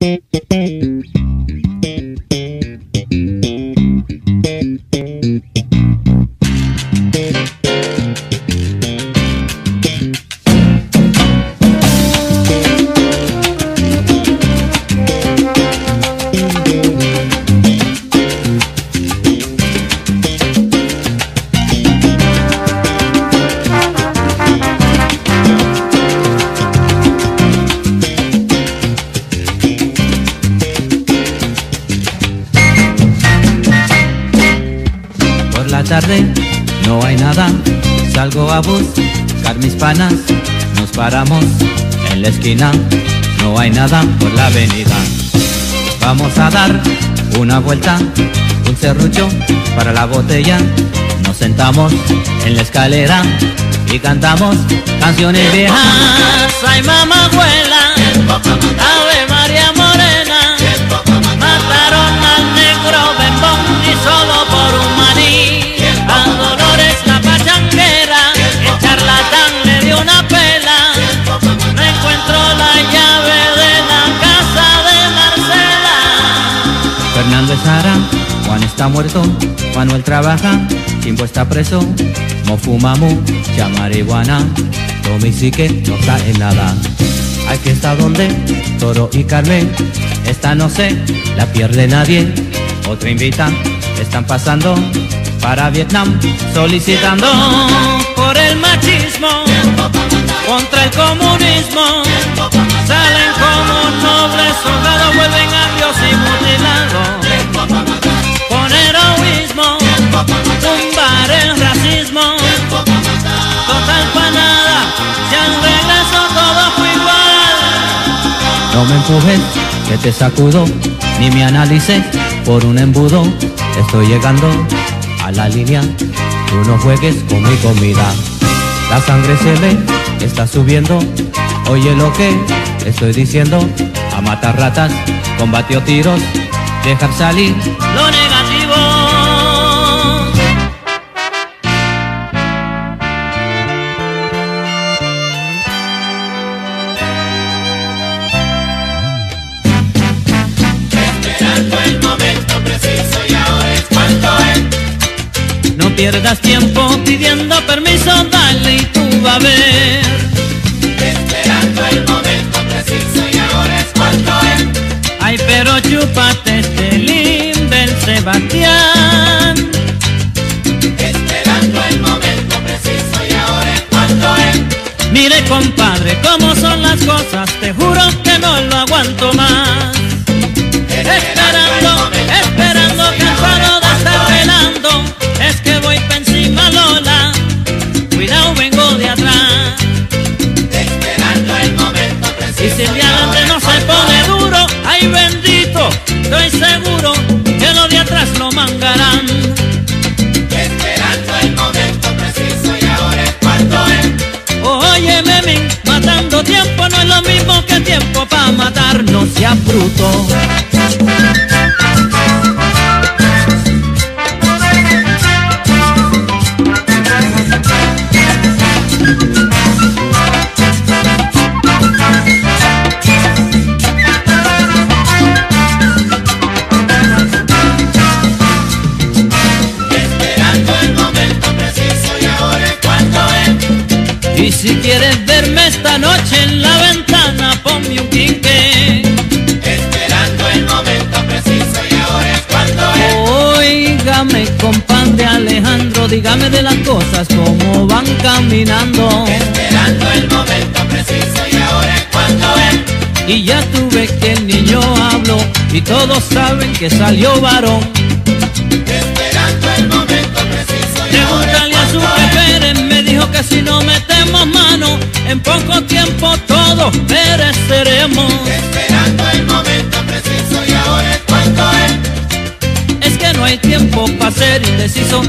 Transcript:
Thank you. no hay nada, salgo a buscar mis panas, nos paramos en la esquina, no hay nada por la avenida. Vamos a dar una vuelta, un serrucho para la botella, nos sentamos en la escalera y cantamos canciones viejas. Ay, mamá abuela, muerto, Manuel trabaja, Chimbo está preso, ya marihuana, Tommy que no sabe nada. Aquí está donde Toro y Carmen, esta no sé, la pierde nadie. Otra invita, están pasando para Vietnam, solicitando por el machismo, contra el comunismo. No me empujes, que te sacudo, ni me análisis por un embudo. Estoy llegando a la línea, tú no juegues con mi comida. La sangre se ve, está subiendo, oye lo que estoy diciendo. A matar ratas, combatió tiros, dejar salir lo pierdas tiempo pidiendo permiso, dale y tú va a ver. Esperando el momento preciso y ahora es cuando es. Ay, pero chúpate este el Sebastián. Esperando el momento preciso y ahora es cuando es. Mire, compadre, cómo son las cosas, te juro que no lo aguanto Estoy seguro que lo de atrás lo mangarán. Esperando el momento preciso y ahora es cuando es. Oye, Meming, matando tiempo no es lo mismo que tiempo para matarnos, ya bruto. Y si quieres verme esta noche en la ventana, ponme un quinqué. Esperando el momento preciso y ahora es cuando es. Oígame, compadre Alejandro, dígame de las cosas como van caminando. Esperando el momento preciso y ahora es cuando es. Y ya tuve que el niño habló y todos saben que salió varón En poco tiempo todos mereceremos Esperando el momento preciso y ahora es cuando es. Es que no hay tiempo para ser indeciso